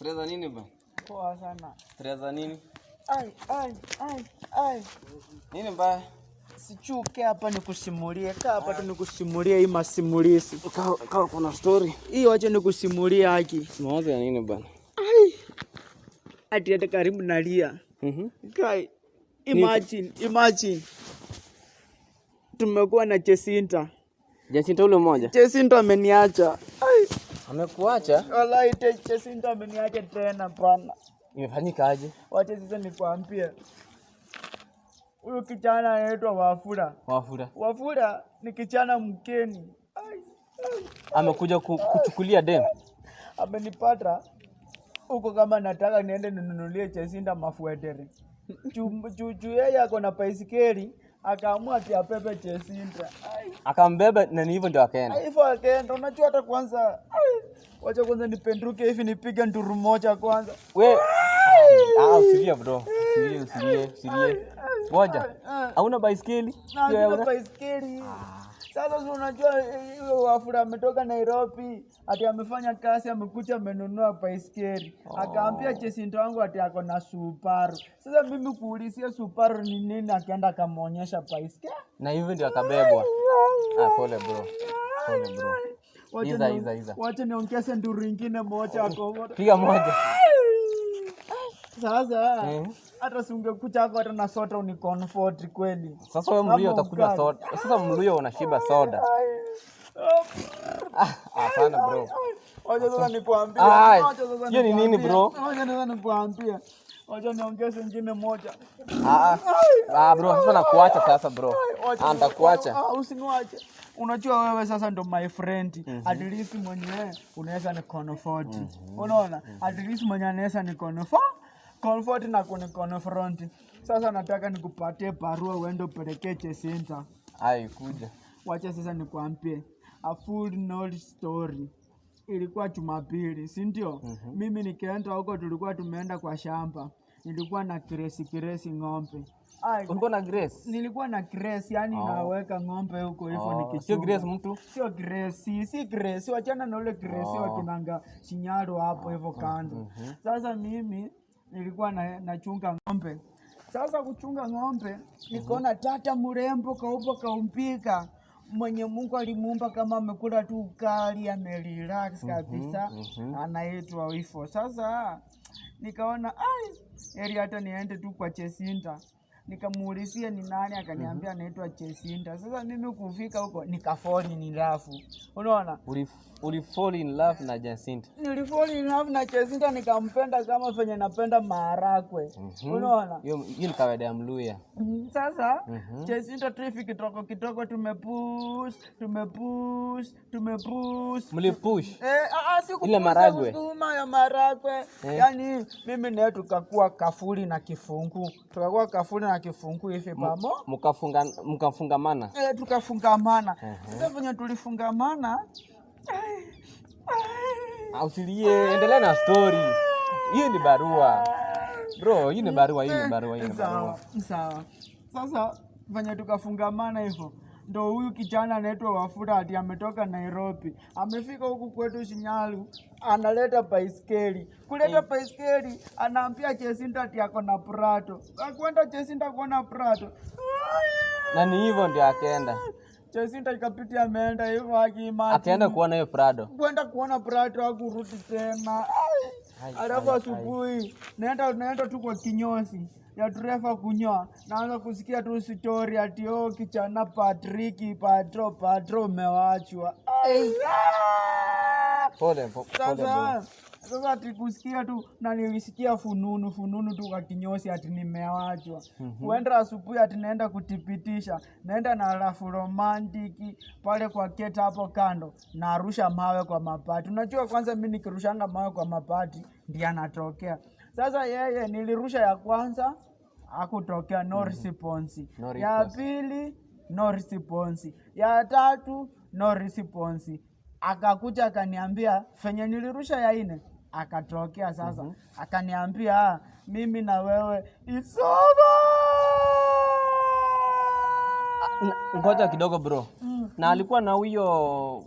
Stres nini bwana? Poa sana. Stres nini? Ai, ai, ai, ai. Nini mbaya? Sichuke hapa nikusimulie. Kaa hapa tu ah. nikusimulie hii masimulizi. Kaa kaa, kuna story. Hiyo acha nikusimulie haki. Mawazo ya nini bwana? Ai. Ati hata karibu nalia. Mhm. Mm. Kai. Imagine, imagine. Tumekuwa na Chesinta. Chesinta ule mmoja. Chesinta ameniacha. Amekuacha? Wallahi Tesha Sinta ameniacha tena pana Imefanyika aje? Wacha sasa nikwambie. Huyu kijana anaitwa Wafura. Wafura. Wafura ni kijana mkeni. Amekuja ku, kuchukulia dem. Amenipata huko kama nataka niende ninunulie Chesinda mafuetere. Juu yeye ako na paisikeli akaamua ati apepe Chesinda. akambebe na ni hivyo ndio akaenda. Hivyo akaenda. Unajua hata kwanza ay. Wacha kwanza nipenduke hivi nipige nduru moja kwanza. We. Ah, ah, usilie bro. Usilie, usilie, usilie. Ngoja. Hauna baiskeli? Ndio, hauna baiskeli. Ah. Sasa si unajua hiyo eh, eh, wafura ametoka Nairobi, ati amefanya kazi, amekuja amenunua baiskeli. Oh. Akaambia Jesindo wangu ati ako na Subaru. Sasa mimi kuulizia Subaru ni nini, akaenda akamwonyesha baiskeli. Na hivi ndio akabebwa. Ah, pole bro. Pole bro. Wacha niongeze nduru ingine moja oh, hapo. Piga moja. Sasa eh? hata si ungekuja hapo hata na soda uniconfort kweli. Sasa we mluyo utakuja soda. Sasa mluyo unashiba soda. Hapana bro. Wacha sasa nikuambia. Hiyo ni nini bro? Wacha sasa nikuambia. Wacha niongeze nyingine moja. Ah, ah, ah bro, sasa nakuacha sasa bro. Ah, nitakuacha. Ah, usiniache. Unajua wewe sasa ndo my friend. Mm -hmm. At least mwenyewe unaweza ni comfort. Mm -hmm. Unaona? Mm -hmm. At least mwenyewe anaweza ni comfort. Comfort na kunikono front. Sasa nataka nikupatie barua uende upelekee Chesenta. Ai, kuja. Wacha sasa nikwambie a full knowledge story ilikuwa Jumapili, si ndio? mm -hmm. Mimi nikaenda huko, tulikuwa tumeenda kwa shamba, nilikuwa na kiresi kiresi ng'ombe Ulikuwa na grace? Nilikuwa na grace, yani oh. Naweka ng'ombe huko hivyo oh. Nikichunga. Sio grace mtu? Sio grace, si grace. Wachana na ule grace oh. Watunanga shinyaro hapo hivyo mm-hmm. kando. mm -hmm. Sasa mimi nilikuwa na, nachunga ng'ombe. Sasa kuchunga ng'ombe nikona mm -hmm. Tata mrembo kaupo kaumpika mwenye Mungu alimuumba kama amekula tu ukali, amerelax mhm, kabisa, mm -hmm. anaitwa wifo. Sasa nikaona ai, heri hata niende tu kwa Chesinta nikamuulizia ni nani, akaniambia mhm. anaitwa Chesinta. Sasa mimi kufika huko nikafoni ni rafu, unaona Uli fall in love na Jacinta. Nili fall in love na Jacinta nikampenda kama venye napenda maharakwe. Mm -hmm. Unaona? Hiyo ni kawaida ya Mluya. Mm, sasa mm -hmm. Jacinta tuifi kitoko kitoko tumepush, tumepush, tumepush. Mlipush. Eh, ah, si ah, si ile maharagwe. Sukuma ya maharagwe. Eh. Yaani mimi na tukakuwa kafuli na kifungu. Tukakuwa kafuli na kifungu hivi pamo. Mkafunga mkafungamana. Eh, tukafungamana. Sasa venye tulifungamana ausilie endelea na story. Hii ni barua bro, hii ni barua, hii ni barua, hii ni barua. Sawa, sasa fanya tukafungamana hivyo ndo huyu kijana anaitwa Wafula ati ametoka Nairobi, amefika huku kwetu Shinyalu, analeta baiskeli. Kuleta eh. baiskeli, anaambia Chesinda ati ako na Prato, akwenda Chesinda kuona Prato, na ni hivyo ndio akaenda Chesinta ikapitia menda hivyo akimati. Ataenda kuona hiyo Prado. Kwenda kuona Prado au kurudi tena. Alafu asubuhi naenda naenda tu kwa kinyozi ya turefa kunyoa, naanza kusikia tu story ati oh, kichana Patrick patro patro umewachwa. Pole pole. Sasa tikusikia tu na nilisikia fununu fununu tu kwa kinyosi ati nimewachwa mhm. kuenda asubuhi, ati naenda kutipitisha, naenda na alafu romantiki pale kwa keta hapo kando, narusha mawe kwa mapati. Unajua kwanza mi nikirushanga mawe kwa mapati ndiye anatokea. Sasa yeye nilirusha ya kwanza akutokea, no mhm. response. No ya pili no response, ya tatu no response. Akakuja akaniambia fenye nilirusha ya ine akatokea sasa, mm -hmm. Akaniambia ah, mimi na wewe isova. Ngoja kidogo bro. Mm. Na mm. alikuwa na huyo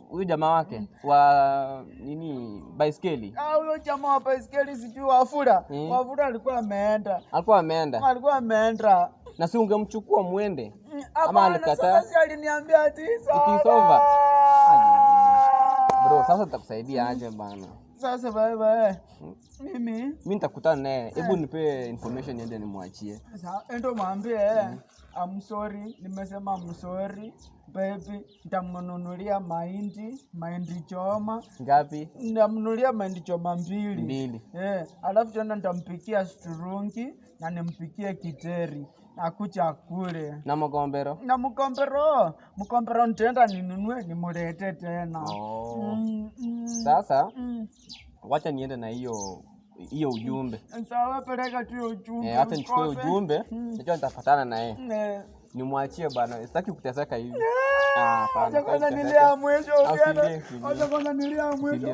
huyo jamaa wake mm. wa nini baiskeli. Ah, huyo jamaa wa baiskeli sijui Wafura. Mm. Wafura alikuwa ameenda. Alikuwa ameenda. Alikuwa ameenda. Na si ungemchukua muende? Mm, ama alikataa. Sasa aliniambia ati over ndo sasa nitakusaidia mm. aje bana? Sasa bye. Mm. mimi mimi nitakutana naye, eh. hebu nipe information niende nimwachie. Sasa eh, ndo mwambie eh. mm. I'm sorry, nimesema I'm sorry baby, ntamnunulia mahindi mahindi choma. Ngapi? Ntamnunulia mahindi choma mbili mbili, eh, alafu tena nitampikia sturungi na nimpikie kiteri akuchakule kule na mugombero na mugombero mgombero ntenda ninunue nimulete tena oh. mm, mm, sasa mm. wacha niende na hiyo hiyo ujumbe sawa peleka tu ujumbe eh, nichukue ujumbe mm. nitafatana na nimwachie bana, sitaki kuteseka hivi. Acha kwanza nilia mwisho, acha kwanza mwisho.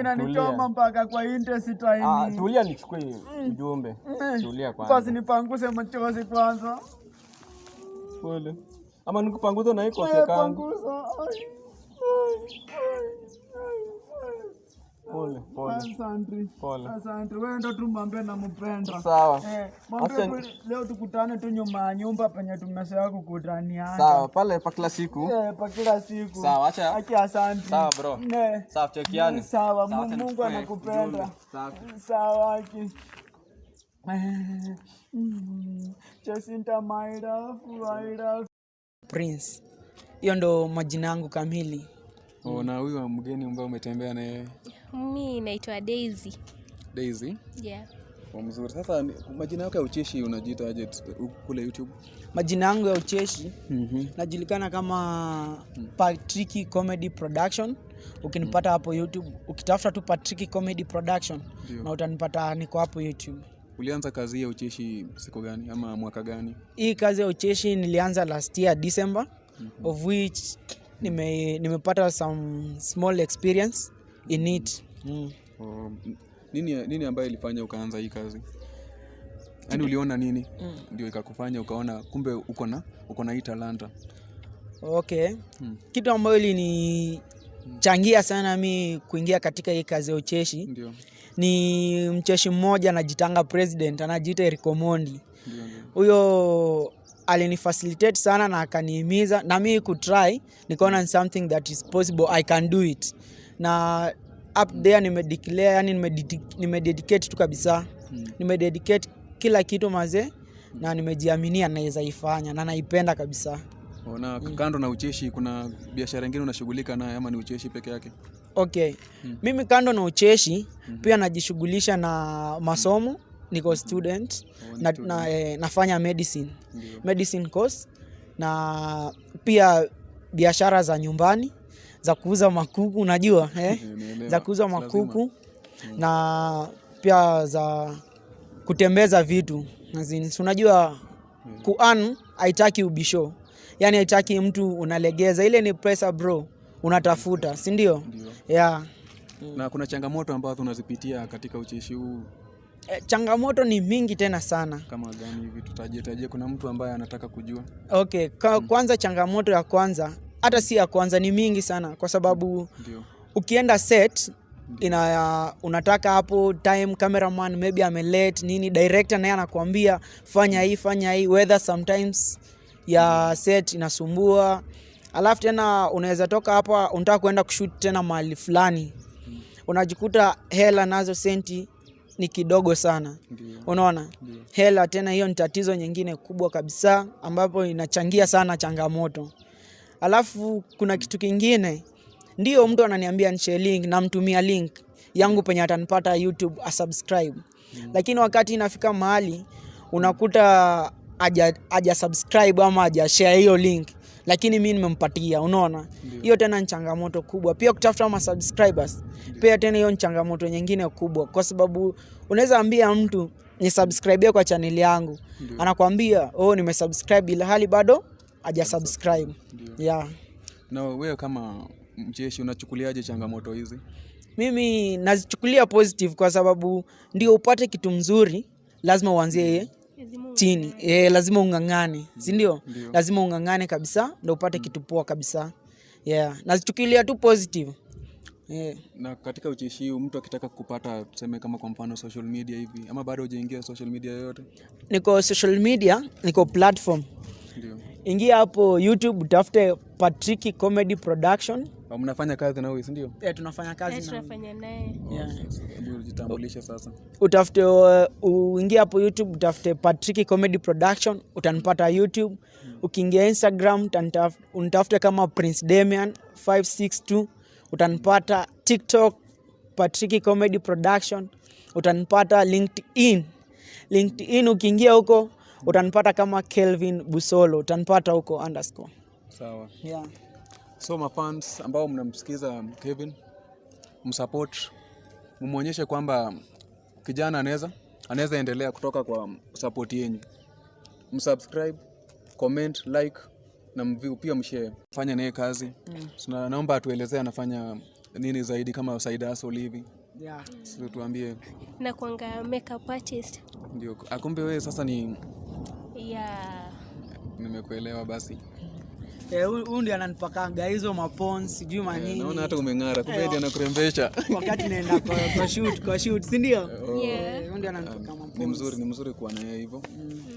inanichoma mpaka kwa ah, Tulia nichukue mm. ujumbe, mm. tulia kwanza, basi machozi kwanza. Pole ama na Pole, pole. Asante. Pole. Asante. Wewe tu mwambie nampenda. Sawa. Eh, mwambie leo tukutane tu nyuma ya nyumba penye tumesema kukutania. Sawa, pale pa kila siku. Eh, pa kila siku. Sawa, acha. asante. Sawa bro. Eh. Sawa, Sawa, Mungu anakupenda. Sawa. Sawa, aki. Eh. Jacinta, my love, my love. Prince. Hiyo ndo majina yangu kamili. Oh, na huyu mgeni ambaye umetembea na mimi naitwa Daisy. Daisy? Yeah. Mzuri. Sasa majina yako ya ucheshi unajiita aje kule YouTube? Majina yangu ya ucheshi mm -hmm. Najulikana kama mm. Patrick Comedy Production. Ukinipata mm hapo -hmm. YouTube, ukitafuta tu Patrick Comedy Production Dio. na utanipata niko hapo YouTube. Ulianza kazi ya ucheshi siku gani ama mwaka gani? Hii kazi ya ucheshi nilianza last year December mm -hmm. of which nime, nimepata some small experience in it Mm. Um, nini, nini ambayo ilifanya ukaanza hii kazi yaani uliona nini mm. ndio ikakufanya ukaona kumbe uko na uko na hii talanta okay mm. kitu ambayo ilinichangia sana mi kuingia katika hii kazi ya ucheshi ndio ni mcheshi mmoja anajitanga president anajiita erikomondi huyo alinifacilitate sana na akanihimiza na mi kutry nikaona something that is possible i can do it na up there nimedeclare, yani nimededicate tu kabisa hmm. nimededicate kila kitu maze na nimejiaminia naweza ifanya na naipenda kabisa. Na hmm. kando na ucheshi kuna biashara ingine unashughulika naye ama ni ucheshi peke yake? Okay. Hmm. Mimi kando na ucheshi hmm. pia najishughulisha na masomo niko hmm. student oh, na, na, eh, nafanya medicine. Medicine course na pia biashara za nyumbani za kuuza makuku unajua eh? za kuuza makuku Lazima. Mm. na pia za kutembeza vitu unajua kuan mm. haitaki ubisho yani haitaki mtu unalegeza ile ni pressure bro unatafuta si ndio yeah. na kuna changamoto ambazo unazipitia katika ucheshi huu e, changamoto ni mingi tena sana kama gani hivi tutajie tajie kuna mtu ambaye anataka kujua okay Ka, mm. kwanza changamoto ya kwanza hata si ya kwanza, ni mingi sana kwa sababu ukienda set ina uh, unataka hapo time cameraman maybe amelate nini, director naye anakuambia fanya hii fanya hii, whether sometimes ya set inasumbua, alafu tena unaweza toka hapa unataka kuenda kushoot tena mahali fulani, hmm. unajikuta hela nazo senti ni kidogo sana, unaona hela tena, hiyo ni tatizo nyingine kubwa kabisa, ambapo inachangia sana changamoto. Alafu kuna kitu kingine, ndio mtu ananiambia nishare link, namtumia link yangu penye atanipata YouTube asubscribe, mm. lakini wakati inafika mahali unakuta aja, aja subscribe ama aja share hiyo link lakini mi nimempatia. Unaona, hiyo tena ni changamoto kubwa pia, kutafuta ma subscribers pia tena, hiyo ni changamoto nyingine kubwa, kwa sababu unaweza ambia mtu nisubscribe kwa chaneli yangu, anakwambia oh, nimesubscribe ila hali bado haja subscribe yeah. Na wewe kama mcheshi unachukuliaje changamoto hizi? Mimi nazichukulia positive kwa sababu ndio upate kitu mzuri lazima uanzie chini e, lazima ung'ang'ane, si ndio? Lazima ung'ang'ane kabisa ndio upate mm. kitu poa kabisa. Yeah, nazichukulia tu positive. Yeah. Na katika ucheshi huu mtu akitaka kupata tuseme kama kwa mfano social media hivi ama bado hujaingia social media yoyote? Niko social media, niko platform Ingia hapo YouTube utafute Patrick Comedy Production. Mnafanya kazi na huyu si ndio? Eh, tunafanya kazi eh, na oh, jitambulishe sasa. Utafute uingie uh, hapo YouTube utafute Patrick Comedy Production, utanipata YouTube. Hmm. Ukiingia Instagram unitafute kama Prince Damian 562 utanipata. TikTok Patrick Comedy Production utanipata. LinkedIn LinkedIn ukiingia huko Mm. utanipata kama Kelvin Busolo, utanipata huko underscore. Sawa. Yeah. So fans ambao mnamsikiza um, Kevin, msupport, mmuonyeshe kwamba kijana anaweza anaweza endelea kutoka kwa support yenyu. Msubscribe, comment, like na mview pia mshare. Fanya naye kazi. Mm. naomba atuelezee anafanya nini zaidi kama side hustle hivi. Yeah. Sio tuambie. Na kuanga makeup artist. Ndio. Akumbe wewe sasa ni Yeah. Nimekuelewa basi. Eh, huyu ndiye ananipakanga hizo mapon sijui manini. Eh, naona hata umeng'ara, kumbe eh. anakurembesha wakati naenda kwa shoot, kwa shoot, si ndio? Oh. Huyu ndiye ah, Ni mzuri, ni mzuri kuwa naye hivyo. Mm.